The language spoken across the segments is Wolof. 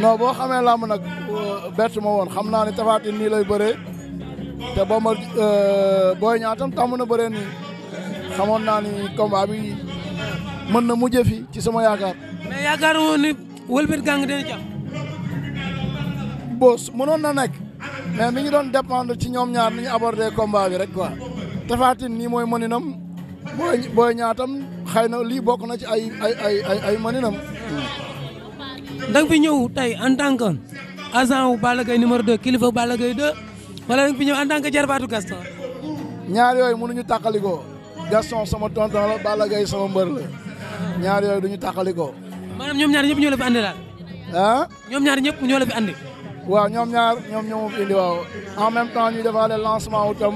na boo xamee làmb nag bett ma woon xam naa ne Tapha nii lay bëree te ba ma booy ñaa tam na bëree nii xamoon naa ni combat mën na mujjee fi ci sama yaakaar. mais yaakaar woon ni wëlbit gang dina ci am. boos mënoon na nekk mais mi ngi doon dépendre ci ñoom ñaar ni ñu abordé combat bi rek quoi Tapha nii mooy mëninam booy booy ñaa xëy na lii bokk na ci ay ay da nga fi ñëw tey en tant que agent wu Balla Gaye numéro 2 kilifa Balla Gaye 2 wala da nga fi ñëw en tant que jarbaatu Gaston. ñaar yooyu mënuñu tàqalikoo Gaston sama tonton la Balla Gaye sama mbër la ñaar yooyu duñu tàqalikoo. maanaam ñoom ñaar ñëpp ñoo la fi andi daal. ah. ñoom ñaar ñëpp ñoo la fi andi. waaw ñoom ñaar ñoom ñoo ma waaw en même temps ñuy defaale lancement wu tam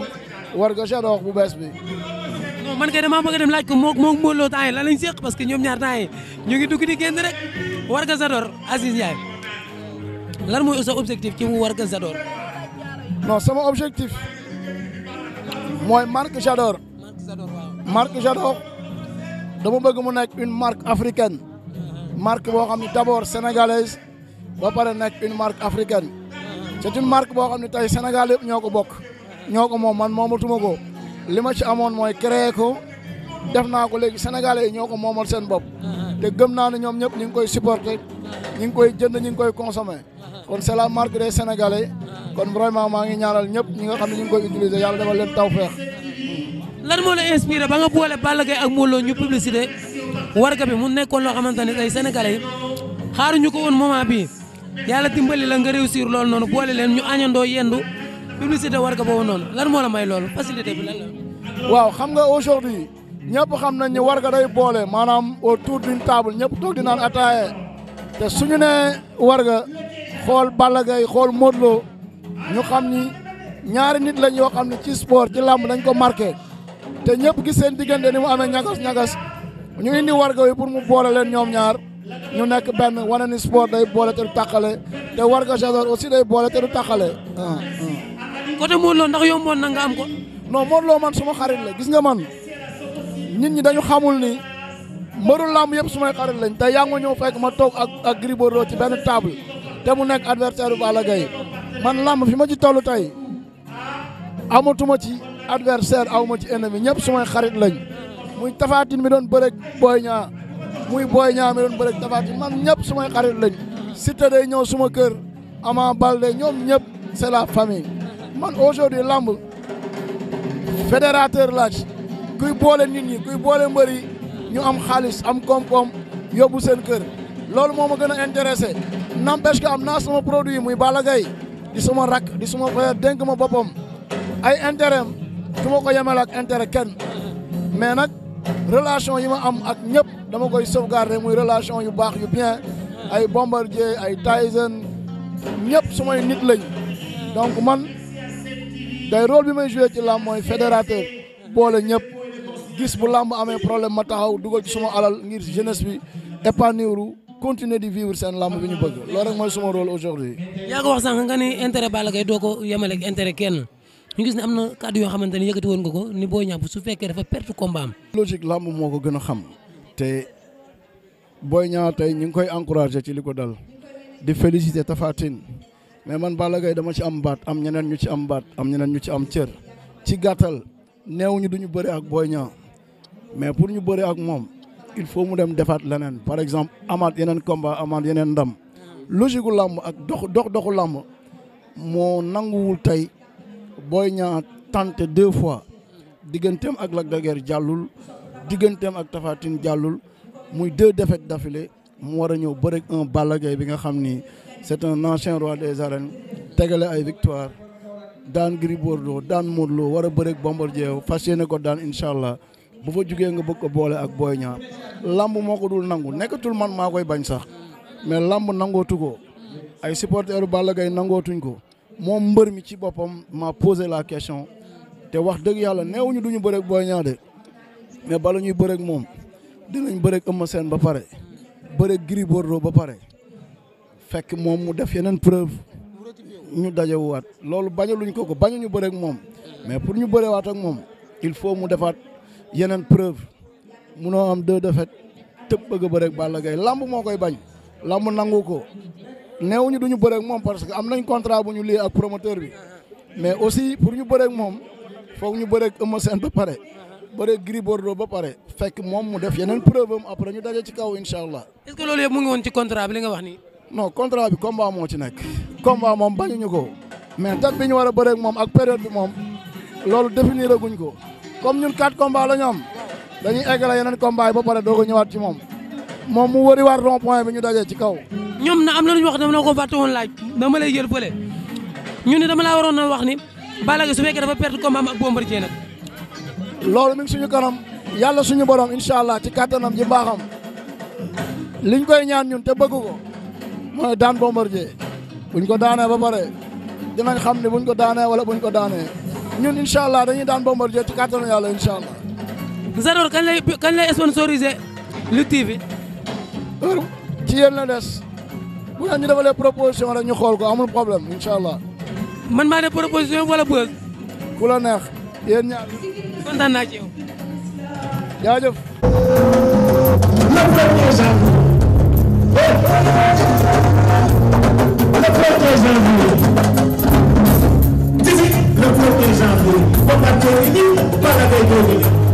war nga wax bu bees bi. man kay damaa bëgg a dem laaj ko moom moom Modou Lo temps yi lan lañ seq parce que ñaar temps yi ñu ngi dugg di génn rek Warga Zador Aziz Ndiaye lan mooy sa objectif ci Warga Zador. non sama objectif mooy Marc Jador. Marc Jador waaw. Marc bëgg mu nekk une marque africaine uh-huh. marque boo xam ne d'abord sénégalaise ba pare nekk une marque africaine uh-huh. c'est une marque boo xam ne tey Sénégal ñoo ko bokk ñoo ko moom man moomatuma ko. li ma ci amoon mooy créer ko def naa ko léegi sénégalais yi ñoo ko moomal seen bopp te gëm naa ne ñoom ñëpp ñu ngi koy supporter ñu ngi koy jënd ñu ngi koy consommer kon c'est la marque des sénégalais kon vraiment maa ngi ñaanal ñëpp ñi nga xam ne ñu ngi koy utiliser yàlla defal leen tawfeex. lan moo la inspiré boole Balla Gaye ak Modou Lo ñu publicité warga bi mu nekkoon loo xamante ne tey sénégalais yi xaaruñu ko woon moment bii yàlla dimbali nga réussir loolu noonu boole ñu añandoo yendu publicité warga boobu noonu lan moo la may loolu facilité bi waaw xam nga aujourd'hui ñëpp xam nañ ne warga day boole maanaam autour d'une table ñëpp toog di naan ataaye te suñu nee warga xool Balla Gaye xool Modou Lo ñu xam ni ñaari nit lañ yoo xam ne ci sport ci làmb dañ ko marqué te ñëpp gis seen diggante ni mu amee ñagas-ñagas ñu indi warga yi pour mu boole leen ñoom ñaar ñu nekk benn wane ni sport day boole te du tàqale te warga Jador aussi day boole te du tàqale. Ah, ah. côté Modou Lo ndax yomboon na am ko. non Modou Lo man suma xarit la gis nga man nit ñi dañu xamul ni mbëru làmb yëpp sumay xarit lañ te yaa ngi ñëw ma toog ak ak Gris ci benn table te mu nekk adversaire bu Balla man làmb fi ma ci toll tey amatuma ci aw ma ci ennemi ñëpp sumay xarit lañ muy tafaatin mi doon bërëg booy ñaa muy booy ñaa mi doon bërëg tafaatin man ñëpp sumay xarit lañ Siteu day ñëw suma kër Ama Baldé ñoom ñëpp c'est la famille man aujourd'hui làmb fédérateur laaj kuy boole nit ñi kuy boole mbër yi ñu am xaalis am koom-koom yóbbu seen kër loolu moo ma gën a intéressé n'empêche que am naa sama produit muy Balla Gaye di sama rakk di sama frère dénk ma boppam ay intérêt am su ma ko yemal ak intérêt kenn mais nag relation yi ma am ak ñëpp dama koy sauvegarder muy relation yu baax yu bien ay Bombardier ay Tyson ñëpp sumay nit lañ donc man tey rôle bi may joué ci làmb mooy fédérateur boole ñëpp gis bu làmb amee problème ma taxaw dugal ci suma alal ngir jeunesse bi épanouir continuer di vivre seen làmb bi ñu bëgg loolu rek mooy suma rôle aujourd'hui yaa ko wax sànq nga ni intérêt Balla doo ko yemale ak intérêt kenn ñu gis ne am na kàddu yoo xamante ne yëkkati woon nga ko ni Boy Niang su fekkee dafa perte combat am logique làmb moo ko gën a xam te Boy Niang tey ñu ngi koy encouragé ci li ko dal di féliciter Tapha mais man Balla Gaye dama ci am baat am ñeneen ñu ci am baat am ñeneen ñu ci am cër ci gàttal néew ñu du ñu bëri ak booy ñaa mais pour ñu bëri ak moom il faut mu dem defaat leneen par exemple amaat yeneen combat amaat yeneen ndam logique gu làmb ak dox dox doxu làmb moo nanguwul tey booy ñaa tenté deux fois digganteem ak Lac de jàllul digganteem ak Tapha jàllul muy deux défaites d'affilée mu war a ñëw bëri un Balla bi nga xam ni c'est un ancien roi des arènes tegale ay victoire daan Gris Bordeaux daan Modou Lo war a bëreeg Bombardier fas yéene ko daan incha allah bu fa jugee nga bëgg ko boole ak Boy Niang lamb moo ko dul nangu nekkatul man maa koy bañ sax mais lamb nangootu ko ay supporteru Balla Gaye nangootuñ ko moom mbër mi ci boppam maa posé la question te wax dëgg yàlla neewuñu duñu bëreeg Boy Niang de mais bala ñuy bëreeg moom dinañ bëreeg Eumeu Sène ba pare bëreeg Gris Bordeaux ba pare fekk moom mu def yeneen preuve ñu dajewuwaat loolu bañaluñ ko ko bañuñu bëre ak moom mais pour ñu bërewaat ak moom il faut mu defaat yeneen preuve munoo am deux défaites tëb bëgg a bëre ak lamb moo koy bañ lamb nangu ko neewuñu duñu bëre ak moom parce que am nañ contrat bu ñu lii ak promoteur bi mais aussi pour ñu bëre moom foog ñu bëre ak Eumeu Sène ba pare bëre ak ba pare fekk moom mu def yeneen preuve am après ñu daje ci kaw incha allah. non contrat bi combat moo ci nekk. combat moom bañuñu ko. mais date bi ñu war a bëreeg moom ak période bi moom loolu définir guñ ko comme ñun quatre combats la ñu am dañuy eggale yeneen combats yi ba pare doo ko ñëwaat ci moom moom mu wëriwaat rond point bi ñu dajee ci kaw. ñoom na am na lu ñu wax na ko fàtte woon laaj dama lay jël fële ñu ne dama laa waroon na wax ni Balla Gaye su fekkee dafa perte combat am ak Bombardier nag. loolu mi suñu kanam yàlla suñu borom incha allah ci kattanam ji mbaaxam koy ñaan ñun te bëgg mooy daan bombardier buñ ko daanee ba pare dinañ xam ne buñ ko daanee wala buñ ko daanee ñun incha dañuy daan bombardier ci kàttanu yàlla incha allah. Zador kañ lay kañ lay sponsorisé ci yéen la des bu ñu defalee proposition rek ñu xool ko amul problème incha allah. man maa ne proposition wala bëgg. ku la neex yéen ñaar. kontaan naa ci yow. jaajëf. 1er janvier d'ici le 1er janvier Bombardier ngi nii Balla Gaye ngi nii